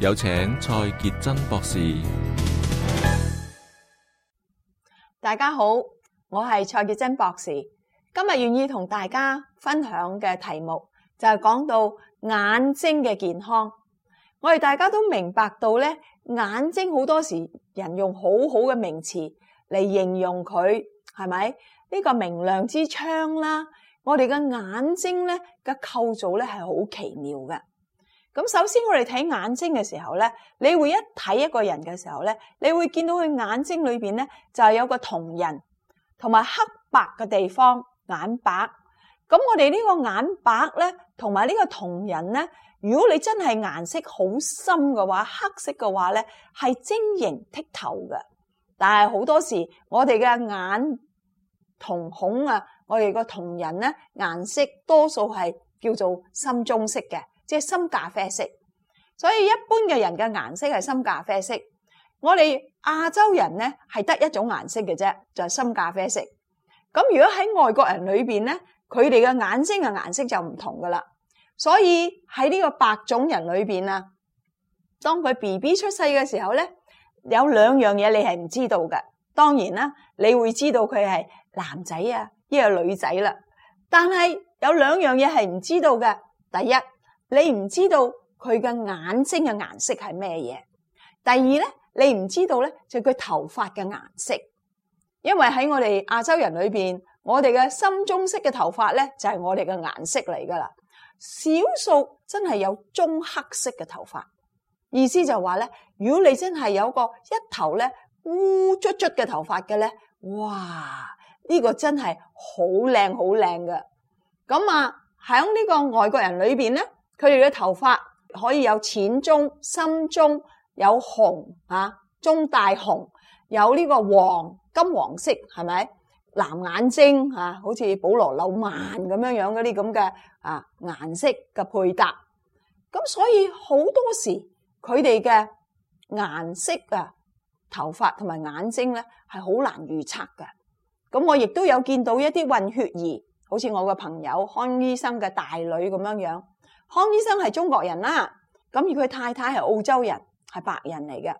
有請蔡潔貞博士。大家好，我係蔡潔貞博士。今日願意同大家分享嘅題目就係講到眼睛嘅健康。我哋大家都明白到咧，眼睛好多時人用好好嘅名詞嚟形容佢，係咪？呢個明亮之窗啦，我哋嘅眼睛咧嘅構造咧係好奇妙嘅。咁首先我哋睇眼睛嘅時候咧，你會一睇一個人嘅時候咧，你會見到佢眼睛裏邊咧就係有個瞳仁，同埋黑白嘅地方眼白。咁我哋呢個眼白咧，同埋呢個瞳仁咧，如果你真係顏色好深嘅話，黑色嘅話咧，係晶瑩剔透嘅。但係好多時我哋嘅眼瞳孔啊，我哋個瞳仁咧顏色多數係叫做深棕色嘅。即係深咖啡色，所以一般嘅人嘅顏色係深咖啡色。我哋亞洲人咧係得一種顏色嘅啫，就係深咖啡色。咁如果喺外國人裏邊咧，佢哋嘅眼睛嘅顏色就唔同噶啦。所以喺呢個白種人裏邊啊，當佢 B B 出世嘅時候咧，有兩樣嘢你係唔知道嘅。當然啦，你會知道佢係男仔啊，亦係女仔啦。但係有兩樣嘢係唔知道嘅，第一。你唔知道佢嘅眼睛嘅顏色係咩嘢？第二咧，你唔知道咧就係佢頭髮嘅顏色，因為喺我哋亞洲人裏邊，我哋嘅深棕色嘅頭髮咧就係我哋嘅顏色嚟噶啦。少數真係有棕黑色嘅頭髮，意思就話咧，如果你真係有個一頭咧烏卒卒嘅頭髮嘅咧，哇！呢個真係好靚好靚嘅。咁啊，喺呢個外國人裏邊咧。佢哋嘅頭髮可以有淺棕、深棕，有紅啊，棕大紅，有呢個黃金黃色，係咪？藍眼睛啊，好似保羅紐曼咁樣樣嗰啲咁嘅啊顏色嘅配搭。咁所以好多時佢哋嘅顏色啊、頭髮同埋眼睛咧係好難預測嘅。咁我亦都有見到一啲混血兒，好似我個朋友康醫生嘅大女咁樣樣。康醫生係中國人啦，咁而佢太太係澳洲人，係白人嚟嘅。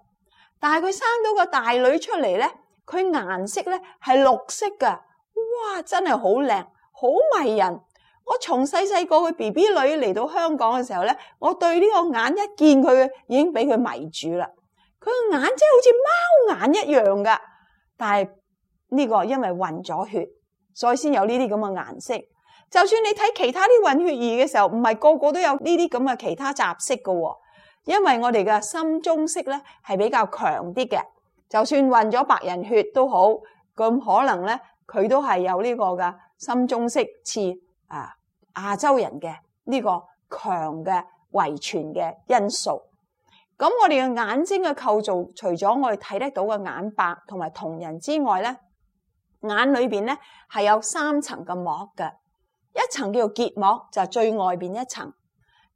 但係佢生到個大女出嚟咧，佢顏色咧係綠色㗎，哇！真係好靚，好迷人。我從細細個嘅 BB 女嚟到香港嘅時候咧，我對呢個眼一見佢已經俾佢迷住啦。佢個眼真係好似貓眼一樣噶，但係呢個因為暈咗血，所以先有呢啲咁嘅顏色。就算你睇其他啲混血兒嘅時候，唔係個個都有呢啲咁嘅其他雜色嘅。哦，因為我哋嘅深棕色咧係比較強啲嘅。就算混咗白人血都好，咁可能咧佢都係有呢個嘅深棕色似啊，亞洲人嘅呢個強嘅遺傳嘅因素。咁我哋嘅眼睛嘅構造，除咗我哋睇得到嘅眼白同埋瞳仁之外咧，眼裏邊咧係有三層嘅膜嘅。一層叫做結膜，就係，最外邊一層。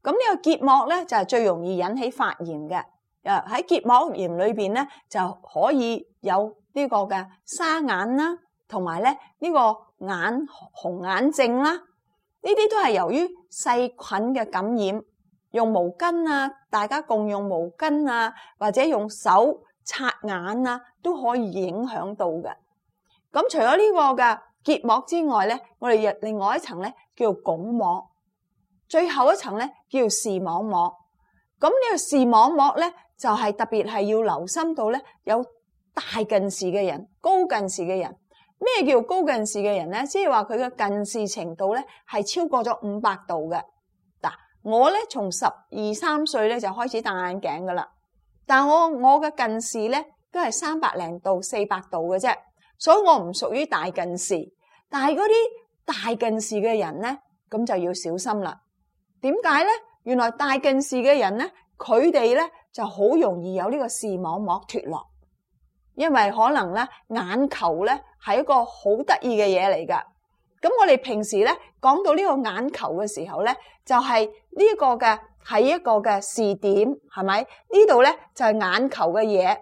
咁、這、呢個結膜咧，就係最容易引起發炎嘅。誒，喺結膜炎裏邊咧，就可以有呢個嘅沙眼啦，同埋咧呢個眼紅眼症啦。呢啲都係由於細菌嘅感染，用毛巾啊，大家共用毛巾啊，或者用手擦眼啊，都可以影響到嘅。咁除咗呢個嘅。結膜之外咧，我哋又另外一層咧叫鞏膜，最後一層咧叫視網膜。咁呢個視網膜咧，就係特別係要留心到咧，有大近視嘅人，高近視嘅人。咩叫高近視嘅人咧？即係話佢嘅近視程度咧係超過咗五百度嘅。嗱，我咧從十二三歲咧就開始戴眼鏡噶啦，但我我嘅近視咧都係三百零度，四百度嘅啫。所以我唔屬於大近視，但係嗰啲大近視嘅人呢，咁就要小心啦。點解呢？原來大近視嘅人呢，佢哋呢就好容易有呢個視網膜脫落，因為可能呢眼球呢係一個好得意嘅嘢嚟㗎。咁我哋平時呢講到呢個眼球嘅時候呢，就係、是、呢個嘅係一個嘅視點，係咪？呢度呢就係、是、眼球嘅嘢。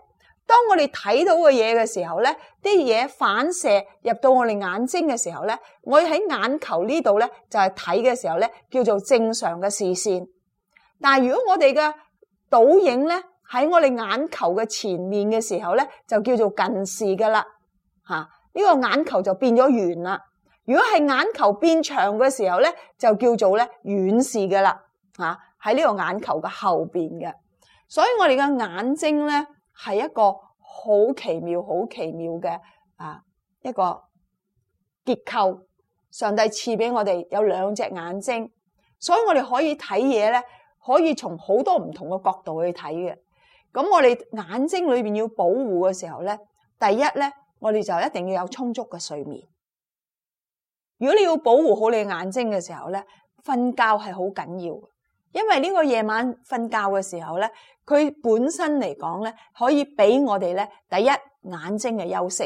當我哋睇到嘅嘢嘅時候咧，啲嘢反射入到我哋眼睛嘅時候咧，我哋喺眼球呢度咧就係睇嘅時候咧叫做正常嘅視線。但係如果我哋嘅倒影咧喺我哋眼球嘅前面嘅時候咧，就叫做近視噶啦。吓，呢個眼球就變咗圓啦。如果係眼球變長嘅時候咧，就叫做咧遠視噶啦。吓，喺呢個眼球嘅後邊嘅，所以我哋嘅眼睛咧。係一個好奇妙、好奇妙嘅啊一個結構。上帝賜俾我哋有兩隻眼睛，所以我哋可以睇嘢咧，可以從好多唔同嘅角度去睇嘅。咁我哋眼睛裏邊要保護嘅時候咧，第一咧，我哋就一定要有充足嘅睡眠。如果你要保護好你眼睛嘅時候咧，瞓覺係好緊要嘅，因為呢個夜晚瞓覺嘅時候咧。佢本身嚟講咧，可以俾我哋咧，第一眼睛嘅休息。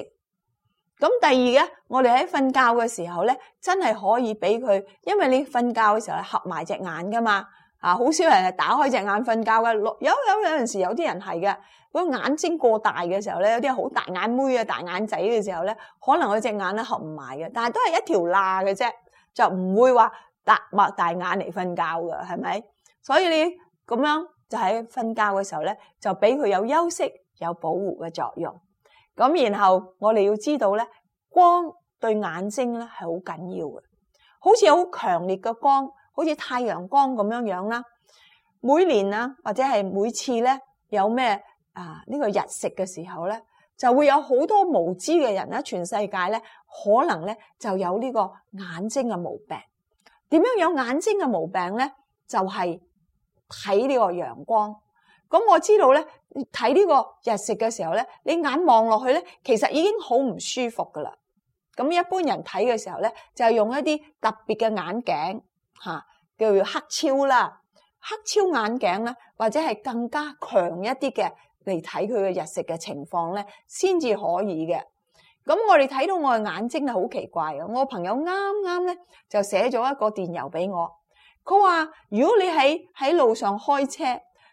咁第二咧，我哋喺瞓覺嘅時候咧，真係可以俾佢，因為你瞓覺嘅時候係合埋隻眼噶嘛。啊，好少人係打開隻眼瞓覺嘅。有有有陣時有啲人係嘅，個眼睛過大嘅時候咧，有啲好大眼妹啊，大眼仔嘅時候咧，可能佢隻眼咧合唔埋嘅，但係都係一條罅嘅啫，就唔會話大擘大眼嚟瞓覺噶，係咪？所以你咁樣。就喺瞓覺嘅時候咧，就俾佢有休息，有保護嘅作用。咁然後我哋要知道咧，光對眼睛咧係好緊要嘅。好似好強烈嘅光，好似太陽光咁樣樣啦。每年啊，或者係每次咧，有咩啊呢個日食嘅時候咧，就會有好多無知嘅人咧，全世界咧可能咧就有呢個眼睛嘅毛病。點樣有眼睛嘅毛病咧？就係。睇呢個陽光，咁我知道咧，睇呢個日食嘅時候咧，你眼望落去咧，其實已經好唔舒服噶啦。咁一般人睇嘅時候咧，就用一啲特別嘅眼鏡吓，啊，叫做黑超啦，黑超眼鏡咧，或者係更加強一啲嘅嚟睇佢嘅日食嘅情況咧，先至可以嘅。咁我哋睇到我嘅眼睛係好奇怪嘅。我朋友啱啱咧就寫咗一個電郵俾我。佢話：如果你喺喺路上開車，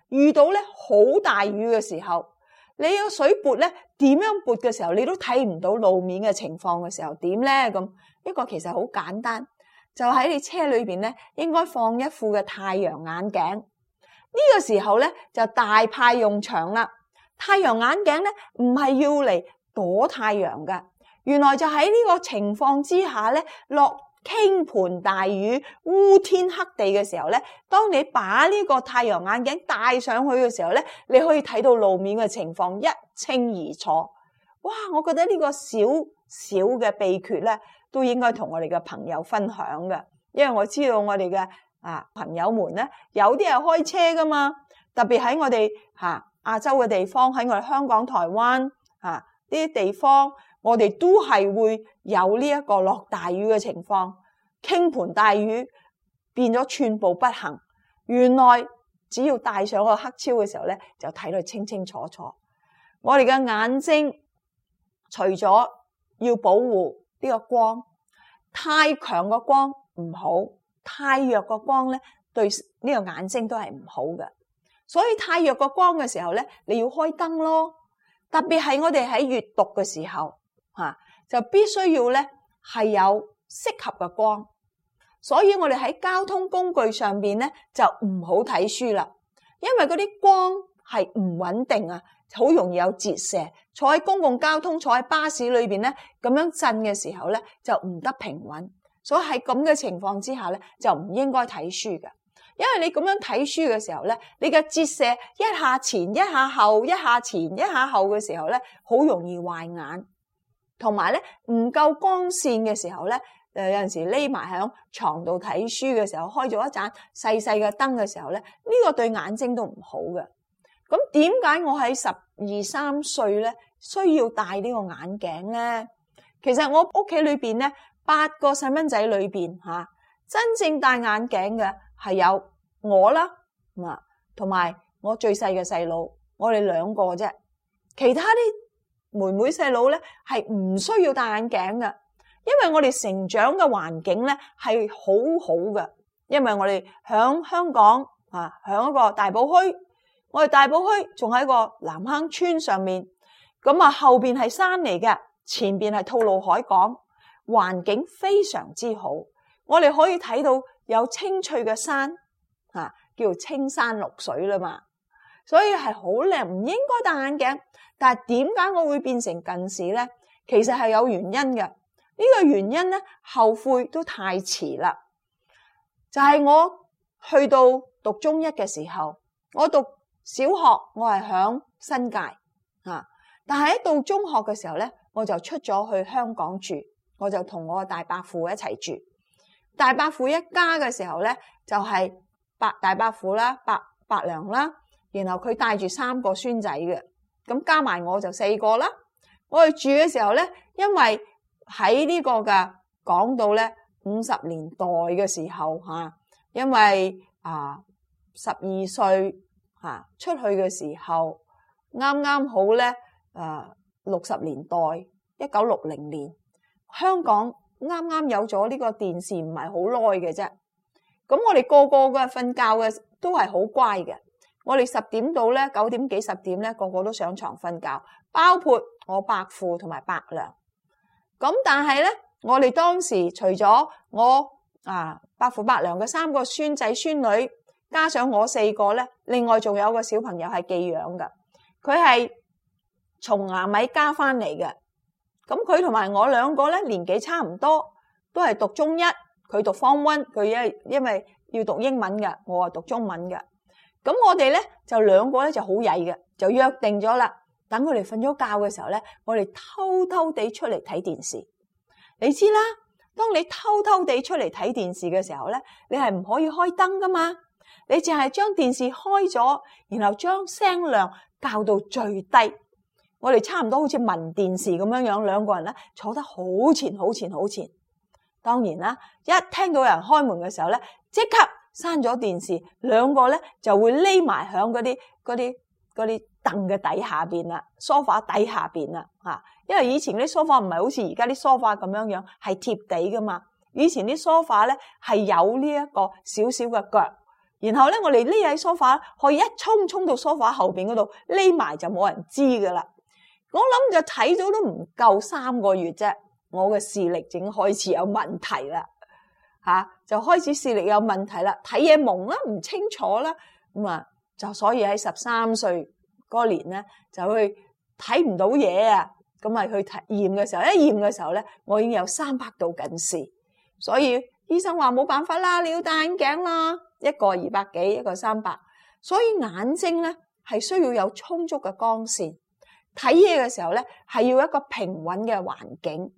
遇到咧好大雨嘅時候，你個水撥咧點樣撥嘅時候，你都睇唔到路面嘅情況嘅時候，點咧咁？呢個其實好簡單，就喺你車裏邊咧，應該放一副嘅太陽眼鏡。呢個時候咧就大派用場啦。太陽眼鏡咧唔係要嚟躲太陽嘅，原來就喺呢個情況之下咧落。傾盆大雨、烏天黑地嘅時候咧，當你把呢個太陽眼鏡戴上去嘅時候咧，你可以睇到路面嘅情況一清二楚。哇！我覺得呢個小小嘅秘訣咧，都應該同我哋嘅朋友分享嘅，因為我知道我哋嘅啊朋友們咧，有啲係開車㗎嘛，特別喺我哋吓亞洲嘅地方，喺我哋香港、台灣吓呢啲地方，我哋都係會有呢一個落大雨嘅情況。傾盆大雨變咗寸步不行，原來只要戴上個黑超嘅時候咧，就睇到清清楚楚。我哋嘅眼睛除咗要保護呢個光，太強個光唔好，太弱個光咧對呢個眼睛都係唔好嘅。所以太弱個光嘅時候咧，你要開燈咯。特別係我哋喺閱讀嘅時候，嚇就必須要咧係有適合嘅光。所以我哋喺交通工具上邊咧就唔好睇書啦，因為嗰啲光係唔穩定啊，好容易有折射。坐喺公共交通、坐喺巴士裏邊咧，咁樣震嘅時候咧就唔得平穩。所以喺咁嘅情況之下咧，就唔應該睇書嘅，因為你咁樣睇書嘅時候咧，你嘅折射一下前一下後、一下前一下後嘅時候咧，好容易壞眼，同埋咧唔夠光線嘅時候咧。誒，有陣時匿埋響床度睇書嘅時候，開咗一盞細細嘅燈嘅時候咧，呢個對眼睛都唔好嘅。咁點解我喺十二三歲咧需要戴呢個眼鏡咧？其實我屋企裏邊咧，八個細蚊仔裏邊吓，真正戴眼鏡嘅係有我啦，啊，同埋我最細嘅細佬，我哋兩個啫。其他啲妹妹細佬咧係唔需要戴眼鏡嘅。因為我哋成長嘅環境咧係好好嘅，因為我哋響香港啊，響一個大埔墟，我哋大埔墟仲喺個南坑村上面，咁啊後邊係山嚟嘅，前邊係吐露海港，環境非常之好，我哋可以睇到有青翠嘅山，啊叫青山綠水啦嘛，所以係好靚，唔應該戴眼鏡。但係點解我會變成近視呢？其實係有原因嘅。呢個原因咧，後悔都太遲啦。就係、是、我去到讀中一嘅時候，我讀小學我係響新界啊，但係一到中學嘅時候咧，我就出咗去香港住，我就同我大伯父一齊住。大伯父一家嘅時候咧，就係、是、伯大伯父啦，伯伯娘啦，然後佢帶住三個孫仔嘅，咁加埋我就四個啦。我去住嘅時候咧，因為喺呢個嘅，講到咧，五十年代嘅時候吓，因為啊十二歲吓出去嘅時候，啱啱好咧誒六十年代一九六零年，香港啱啱有咗呢個電視唔係好耐嘅啫。咁我哋個個嘅瞓覺嘅都係好乖嘅，我哋十點到咧九點幾十點咧個個都上床瞓覺，包括我伯父同埋伯娘。咁但係咧，我哋當時除咗我啊伯父伯娘嘅三個孫仔孫女，加上我四個咧，另外仲有個小朋友係寄養嘅，佢係從牙米加翻嚟嘅。咁佢同埋我兩個咧年紀差唔多，都係讀中一。佢讀 Form One，佢因因為要讀英文嘅，我係讀中文嘅。咁我哋咧就兩個咧就好曳嘅，就約定咗啦。等佢哋瞓咗覺嘅時候咧，我哋偷偷地出嚟睇電視。你知啦，當你偷偷地出嚟睇電視嘅時候咧，你係唔可以開燈噶嘛？你淨係將電視開咗，然後將聲量校到最低。我哋差唔多好似聞電視咁樣樣，兩個人咧坐得好前、好前、好前。當然啦，一聽到人開門嘅時候咧，即刻閂咗電視，兩個咧就會匿埋響嗰啲、嗰啲、嗰啲。凳嘅底下邊啦，梳化底下邊啦，吓、啊，因為以前啲梳化唔係好似而家啲梳化咁樣樣，係貼地噶嘛。以前啲梳化咧係有呢一個少少嘅腳，然後咧我哋匿喺梳化，可以一衝衝到梳化後邊嗰度匿埋就冇人知噶啦。我諗就睇咗都唔夠三個月啫，我嘅視力已經開始有問題啦，吓、啊，就開始視力有問題啦，睇嘢矇啦，唔清楚啦，咁啊就所以喺十三歲嗰年咧就，啊、就去睇唔到嘢啊，咁咪去睇驗嘅時候，一驗嘅時候咧，我已經有三百度近視，所以醫生話冇辦法啦，你要戴眼鏡啦。一個二百幾，一個三百，所以眼睛咧係需要有充足嘅光線睇嘢嘅時候咧係要一個平穩嘅環境。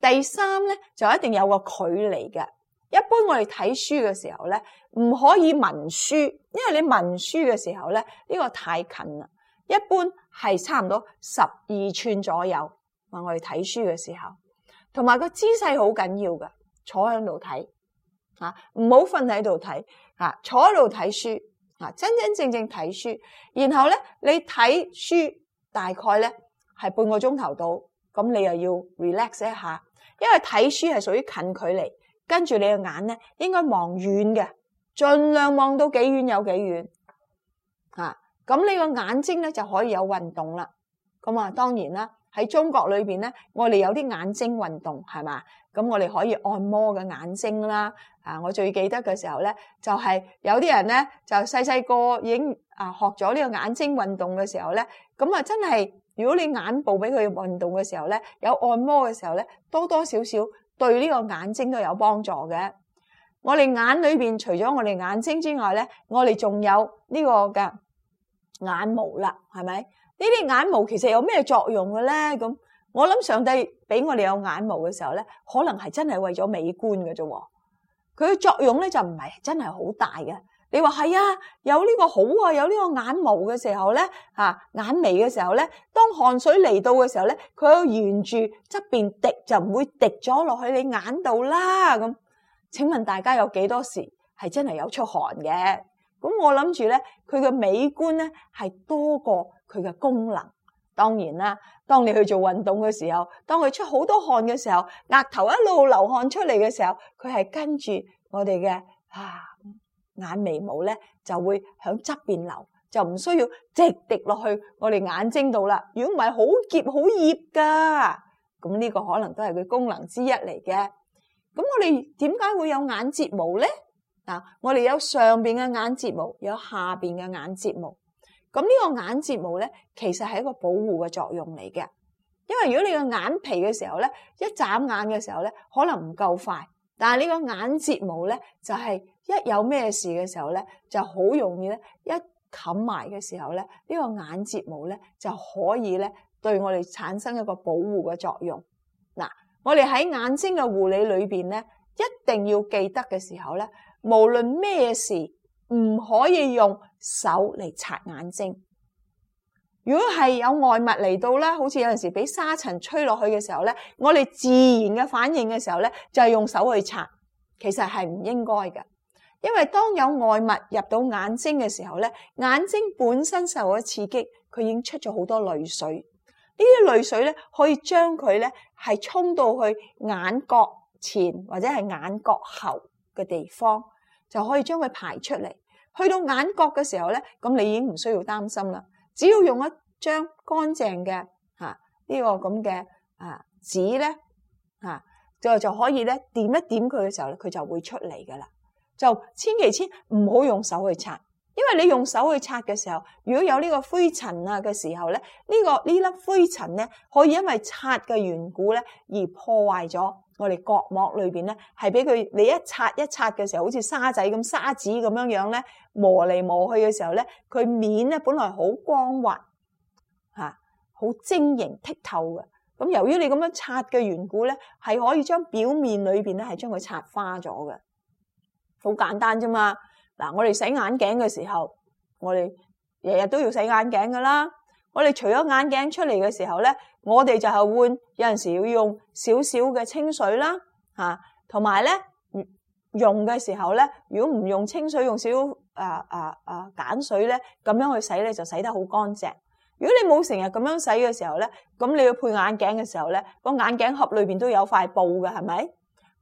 第三咧就一定有個距離嘅。一般我哋睇書嘅時候咧唔可以文書，因為你文書嘅時候咧呢、這個太近啦。一般係差唔多十二寸左右，話我哋睇書嘅時候，同埋個姿勢好緊要嘅，坐喺度睇啊，唔好瞓喺度睇啊，坐喺度睇書啊，真真正正睇書。然後咧，你睇書大概咧係半個鐘頭到。咁你又要 relax 一下，因為睇書係屬於近距離，跟住你嘅眼咧應該望遠嘅，盡量望到幾遠有幾遠。咁呢個眼睛咧就可以有運動啦。咁啊，當然啦，喺中國裏邊咧，我哋有啲眼睛運動係嘛？咁我哋可以按摩嘅眼睛啦。啊，我最記得嘅時候咧，就係有啲人咧，就細細個已經啊學咗呢個眼睛運動嘅時候咧，咁啊真係，如果你眼部俾佢運動嘅時候咧，有按摩嘅時候咧，多多少少對呢個眼睛都有幫助嘅。我哋眼裏邊除咗我哋眼睛之外咧，我哋仲有呢個嘅。眼毛啦，係咪？呢啲眼毛其實有咩作用嘅咧？咁我諗上帝俾我哋有眼毛嘅時候咧，可能係真係為咗美觀嘅啫。佢嘅作用咧就唔係真係好大嘅。你話係啊，有呢個好啊，有呢個眼毛嘅時候咧，吓眼眉嘅時候咧，當汗水嚟到嘅時候咧，佢要沿住側邊滴，就唔會滴咗落去你眼度啦。咁，請問大家有幾多時係真係有出汗嘅？咁我諗住咧，佢嘅美觀咧係多過佢嘅功能。當然啦，當你去做運動嘅時候，當佢出好多汗嘅時候，額頭一路流汗出嚟嘅時候，佢係跟住我哋嘅啊眼眉毛咧就會響側邊流，就唔需要直滴落去我哋眼睛度啦。如果唔係，好澀好熱噶。咁呢個可能都係佢功能之一嚟嘅。咁我哋點解會有眼睫毛咧？嗱，我哋有上邊嘅眼睫毛，有下邊嘅眼睫毛。咁呢個眼睫毛咧，其實係一個保護嘅作用嚟嘅。因為如果你個眼皮嘅時候咧，一眨眼嘅時候咧，可能唔夠快。但係呢個眼睫毛咧，就係一有咩事嘅時候咧，就好容易咧一冚埋嘅時候咧，呢個眼睫毛咧就可以咧對我哋產生一個保護嘅作用。嗱，我哋喺眼睛嘅護理裏邊咧，一定要記得嘅時候咧。無論咩事，唔可以用手嚟擦眼睛。如果係有外物嚟到啦，好似有陣時俾沙塵吹落去嘅時候咧，我哋自然嘅反應嘅時候咧，就係用手去擦。其實係唔應該嘅，因為當有外物入到眼睛嘅時候咧，眼睛本身受咗刺激，佢已經出咗好多淚水。呢啲淚水咧，可以將佢咧係沖到去眼角前或者係眼角後嘅地方。就可以將佢排出嚟，去到眼角嘅時候咧，咁你已經唔需要擔心啦。只要用一張乾淨嘅嚇、啊呢個啊、呢個咁嘅啊紙咧啊，就就可以咧點一點佢嘅時候，佢就會出嚟噶啦。就千祈千唔好用手去擦，因為你用手去擦嘅時候，如果有呢個灰塵啊嘅時候咧，呢、呢個呢粒、呢個、灰塵咧，可以因為擦嘅緣故咧而破壞咗。我哋角膜裏邊咧，係俾佢你一刷一刷嘅時候，好似沙仔咁沙紙咁樣樣咧磨嚟磨去嘅時候咧，佢面咧本來好光滑嚇，好、啊、晶瑩剔透嘅。咁由於你咁樣刷嘅緣故咧，係可以將表面裏邊咧係將佢刷花咗嘅。好簡單啫嘛！嗱，我哋洗眼鏡嘅時候，我哋日日都要洗眼鏡嘅啦。我哋除咗眼鏡出嚟嘅時候咧，我哋就係換有陣時要用少少嘅清水啦，吓、啊，同埋咧用嘅時候咧，如果唔用清水，用少少啊啊啊鹼水咧，咁樣去洗咧就洗得好乾淨。如果你冇成日咁樣洗嘅時候咧，咁你要配眼鏡嘅時候咧，個眼鏡盒裏邊都有塊布嘅，係咪？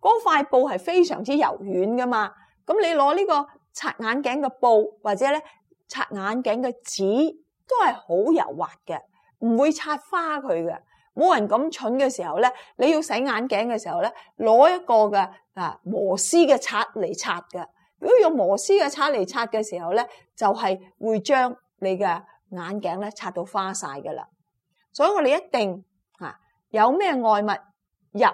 嗰塊布係非常之柔軟噶嘛，咁你攞呢個擦眼鏡嘅布或者咧擦眼鏡嘅紙。都係好柔滑嘅，唔會擦花佢嘅。冇人咁蠢嘅時候咧，你要洗眼鏡嘅時候咧，攞一個嘅啊磨絲嘅刷嚟擦嘅。如果用磨絲嘅刷嚟擦嘅時候咧，就係、是、會將你嘅眼鏡咧擦到花晒噶啦。所以我哋一定嚇、啊、有咩外物入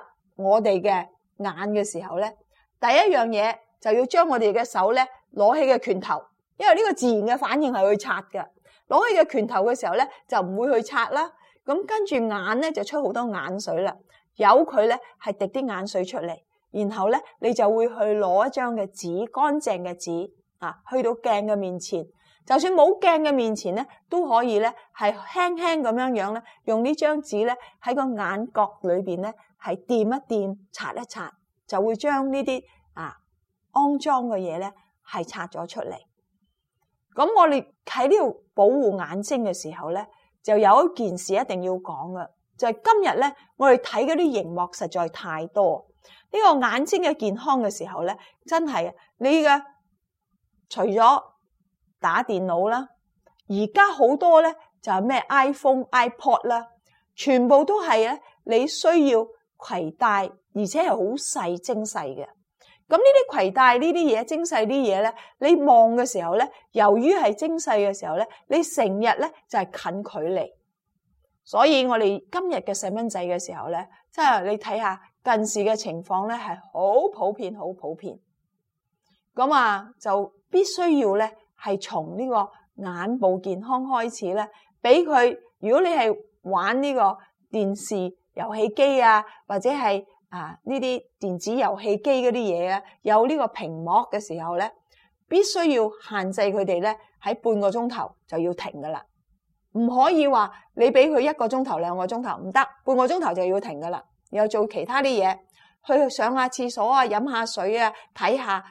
我哋嘅眼嘅時候咧，第一樣嘢就要將我哋嘅手咧攞起嘅拳頭，因為呢個自然嘅反應係去擦嘅。攞起嘅拳頭嘅時候咧，就唔會去擦啦。咁跟住眼咧就出好多眼水啦，由佢咧係滴啲眼水出嚟，然後咧你就會去攞一張嘅紙，乾淨嘅紙啊，去到鏡嘅面前，就算冇鏡嘅面前咧都可以咧，係輕輕咁樣樣咧，用張紙呢張紙咧喺個眼角裏邊咧係掂一掂、擦一擦，就會將、啊、呢啲啊安裝嘅嘢咧係拆咗出嚟。咁我哋喺呢度保護眼睛嘅時候咧，就有一件事一定要講嘅，就係、是、今日咧，我哋睇嗰啲熒幕實在太多，呢、這個眼睛嘅健康嘅時候咧，真係啊你嘅除咗打電腦啦，而家好多咧就係咩 iPhone、iPod 啦，全部都係咧你需要攜帶，而且係好細精細嘅。咁呢啲攜帶呢啲嘢精細啲嘢咧，你望嘅時候咧，由於係精細嘅時候咧，你成日咧就係近距離，所以我哋今日嘅細蚊仔嘅時候咧，即係你睇下近視嘅情況咧，係好普遍，好普遍。咁、嗯、啊，就必須要咧係從呢個眼部健康開始咧，俾佢。如果你係玩呢個電視、遊戲機啊，或者係。啊！呢啲電子遊戲機嗰啲嘢啊，有呢個屏幕嘅時候咧，必須要限制佢哋咧喺半個鐘頭就要停噶啦，唔可以話你俾佢一個鐘頭兩個鐘頭唔得，半個鐘頭就要停噶啦。又做其他啲嘢，去上下廁所啊，飲下水啊，睇下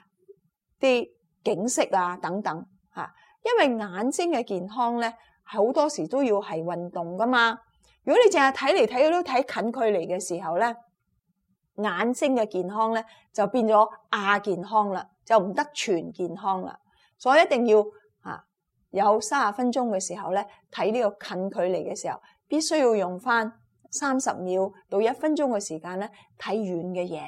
啲景色啊等等嚇、啊，因為眼睛嘅健康咧好多時都要係運動噶嘛。如果你淨係睇嚟睇去都睇近距離嘅時候咧～眼睛嘅健康咧就變咗亞、啊、健康啦，就唔得全健康啦，所以一定要啊有三十分鐘嘅時候咧睇呢個近距離嘅時候，必須要用翻三十秒到一分鐘嘅時間咧睇遠嘅嘢，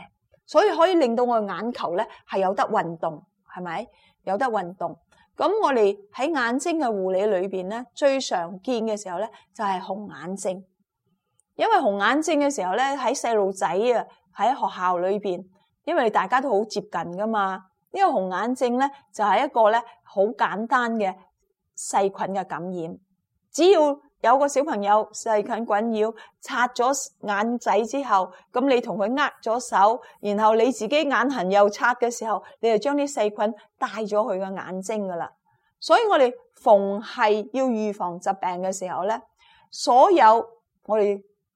所以可以令到我眼球咧係有得運動，係咪有得運動？咁我哋喺眼睛嘅護理裏邊咧最常見嘅時候咧就係、是、紅眼睛，因為紅眼睛嘅時候咧喺細路仔啊～喺學校裏邊，因為大家都好接近噶嘛，呢、這個紅眼症咧就係、是、一個咧好簡單嘅細菌嘅感染。只要有個小朋友細菌滾擾，擦咗眼仔之後，咁你同佢握咗手，然後你自己眼痕又擦嘅時候，你就將啲細菌帶咗佢個眼睛噶啦。所以我哋逢係要預防疾病嘅時候咧，所有我哋。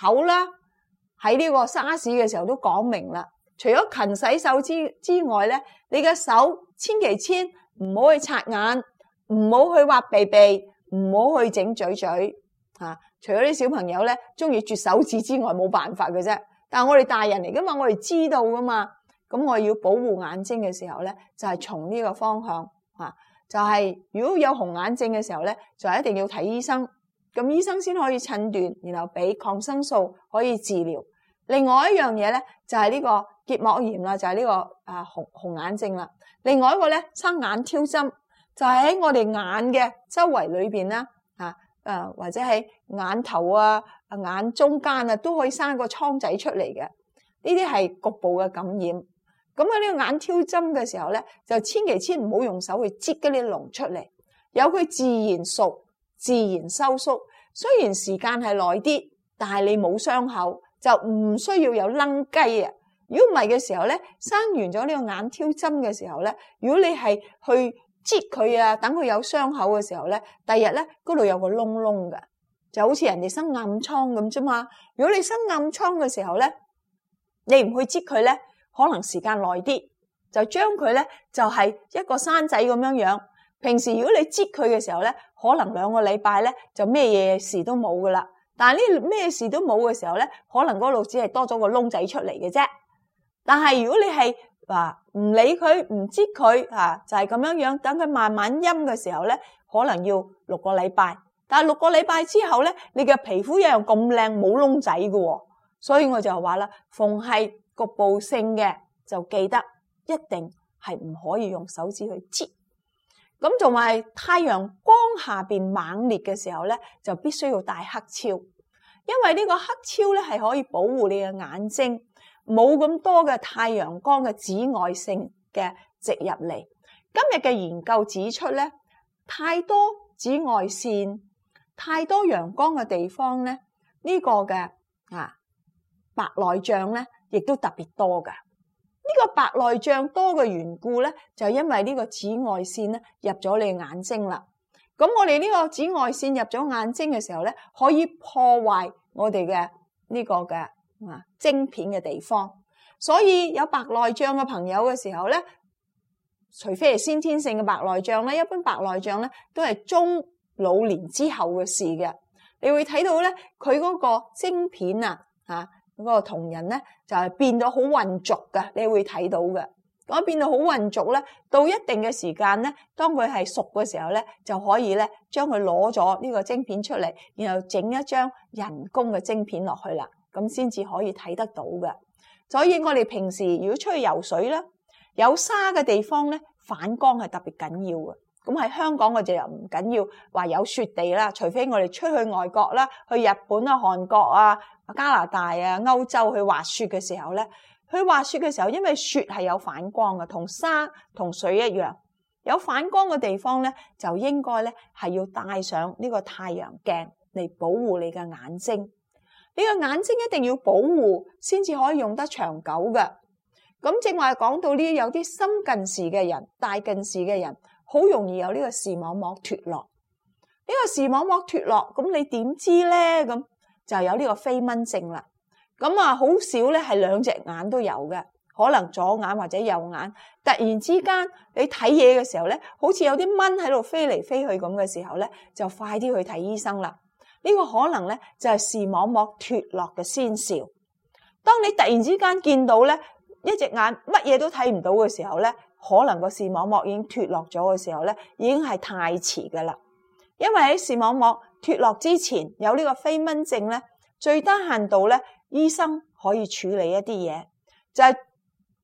口啦，喺呢個沙士嘅時候都講明啦。除咗勤洗手之之外咧，你嘅手千祈千唔好去擦眼，唔好去挖鼻鼻，唔好去整嘴嘴。吓、啊，除咗啲小朋友咧中意啜手指之外，冇辦法嘅啫。但係我哋大人嚟噶嘛，我哋知道噶嘛。咁我要保護眼睛嘅時候咧，就係從呢個方向吓、啊，就係、是、如果有紅眼症嘅時候咧，就一定要睇醫生。咁醫生先可以診斷，然後俾抗生素可以治療。另外一樣嘢咧，就係呢個結膜炎啦，就係呢個啊紅紅眼症啦。另外一個咧，生眼挑針，就喺我哋眼嘅周圍裏邊啦，嚇，誒或者喺眼頭啊、眼中間啊，都可以生個瘡仔出嚟嘅。呢啲係局部嘅感染。咁喺呢個眼挑針嘅時候咧，就千祈千唔好用手去擠嗰啲膿出嚟，由佢自然熟。自然收縮，雖然時間係耐啲，但係你冇傷口就唔需要有擰雞啊！如果唔係嘅時候咧，生完咗呢個眼挑針嘅時候咧，如果你係去擠佢啊，等佢有傷口嘅時候咧，第日咧嗰度有個窿窿嘅，就好似人哋生暗瘡咁啫嘛。如果你生暗瘡嘅時候咧，你唔去擠佢咧，可能時間耐啲，就將佢咧就係一個山仔咁樣樣。平時如果你擠佢嘅時候咧，可能兩個禮拜咧就咩嘢事都冇噶啦。但係呢咩事都冇嘅時候咧，可能嗰度只係多咗個窿仔出嚟嘅啫。但係如果你係啊唔理佢唔擠佢啊，就係咁樣樣等佢慢慢陰嘅時候咧，可能要六個禮拜。但係六個禮拜之後咧，你嘅皮膚一樣咁靚冇窿仔㗎喎，所以我就話啦，凡係局部性嘅就記得一定係唔可以用手指去擠。咁同埋太陽光下邊猛烈嘅時候咧，就必須要戴黑超，因為呢個黑超咧係可以保護你嘅眼睛，冇咁多嘅太陽光嘅紫外線嘅植入嚟。今日嘅研究指出咧，太多紫外線，太多陽光嘅地方咧，呢個嘅啊白內障咧，亦都特別多㗎。呢個白內障多嘅緣故咧，就係因為呢個紫外線咧入咗你眼睛啦。咁我哋呢個紫外線入咗眼睛嘅時候咧，可以破壞我哋嘅呢個嘅啊晶片嘅地方。所以有白內障嘅朋友嘅時候咧，除非係先天性嘅白內障咧，一般白內障咧都係中老年之後嘅事嘅。你會睇到咧，佢嗰個晶片啊，吓、啊。嗰個瞳仁咧就係、是、變到好混濁噶，你會睇到嘅。咁變到好混濁咧，到一定嘅時間咧，當佢係熟嘅時候咧，就可以咧將佢攞咗呢個晶片出嚟，然後整一張人工嘅晶片落去啦，咁先至可以睇得到嘅。所以我哋平時如果出去游水啦，有沙嘅地方咧，反光係特別緊要嘅。咁喺香港，我哋又唔緊要話有雪地啦。除非我哋出去外國啦，去日本啊、韓國啊、加拿大啊、歐洲去滑雪嘅時候咧，去滑雪嘅時候，因為雪係有反光嘅，同沙同水一樣，有反光嘅地方咧，就應該咧係要戴上呢個太陽鏡嚟保護你嘅眼睛。你嘅眼睛一定要保護，先至可以用得長久嘅。咁正話講到呢，有啲深近視嘅人、大近視嘅人。好容易有呢個視網膜脱落，呢個視網膜脱落，咁你點知咧？咁就有呢個飛蚊症啦。咁啊，好少咧係兩隻眼都有嘅，可能左眼或者右眼突然之間你睇嘢嘅時候咧，好似有啲蚊喺度飛嚟飛去咁嘅時候咧，就快啲去睇醫生啦。呢個可能咧就係視網膜脱落嘅先兆。當你突然之間見到咧一隻眼乜嘢都睇唔到嘅時候咧。可能個視網膜已經脱落咗嘅時候咧，已經係太遲㗎啦。因為喺視網膜脱落之前有呢個飛蚊症咧，最低限度咧，醫生可以處理一啲嘢，就係、是、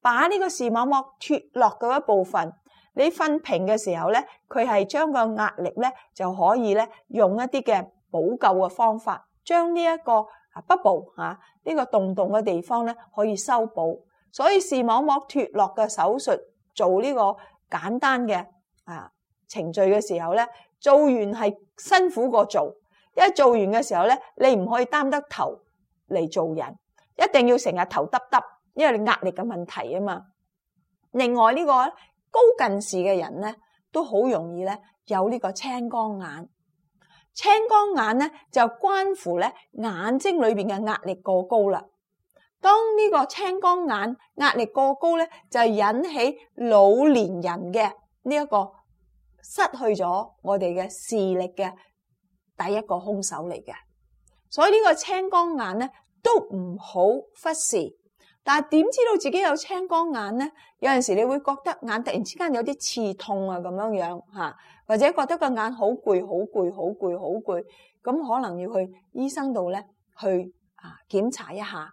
把呢個視網膜脱落嘅一部分，你瞓平嘅時候咧，佢係將個壓力咧就可以咧用一啲嘅補救嘅方法，將呢一個不啊補吓呢個洞洞嘅地方咧可以修補。所以視網膜脱落嘅手術。做呢個簡單嘅啊程序嘅時候咧，做完係辛苦過做，因為做完嘅時候咧，你唔可以擔得頭嚟做人，一定要成日頭耷耷，因為你壓力嘅問題啊嘛。另外呢個高近視嘅人咧，都好容易咧有呢個青光眼，青光眼咧就關乎咧眼睛裏邊嘅壓力過高啦。當呢個青光眼壓力過高咧，就引起老年人嘅呢一個失去咗我哋嘅視力嘅第一個凶手嚟嘅。所以呢個青光眼咧都唔好忽視。但係點知道自己有青光眼咧？有陣時你會覺得眼突然之間有啲刺痛啊咁樣樣吓，或者覺得個眼好攰，好攰，好攰，好攰。咁可能要去醫生度咧去啊檢查一下。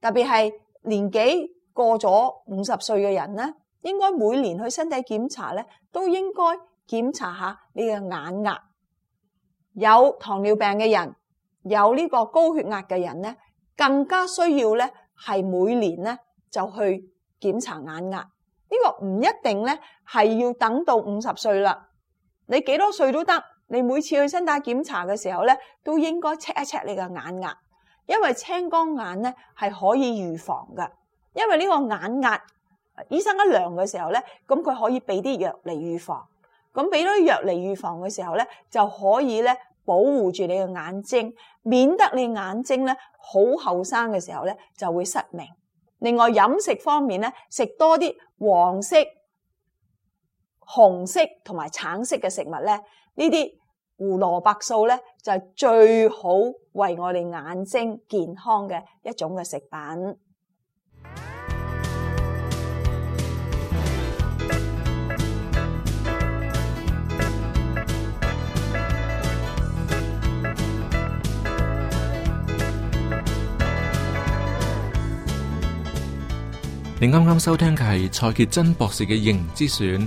特別係年紀過咗五十歲嘅人咧，應該每年去身體檢查咧，都應該檢查下你嘅眼壓。有糖尿病嘅人，有呢個高血壓嘅人咧，更加需要咧係每年咧就去檢查眼壓。呢個唔一定咧，係要等到五十歲啦。你幾多歲都得，你每次去身體檢查嘅時候咧，都應該 check 一 check 你嘅眼壓。因為青光眼咧係可以預防嘅，因為呢個眼壓，醫生一量嘅時候咧，咁佢可以俾啲藥嚟預防。咁俾咗藥嚟預防嘅時候咧，就可以咧保護住你嘅眼睛，免得你眼睛咧好後生嘅時候咧就會失明。另外飲食方面咧，食多啲黃色、紅色同埋橙色嘅食物咧，呢啲。胡蘿蔔素咧就係最好為我哋眼睛健康嘅一種嘅食品。你啱啱收聽嘅係蔡潔真博士嘅《型之選》。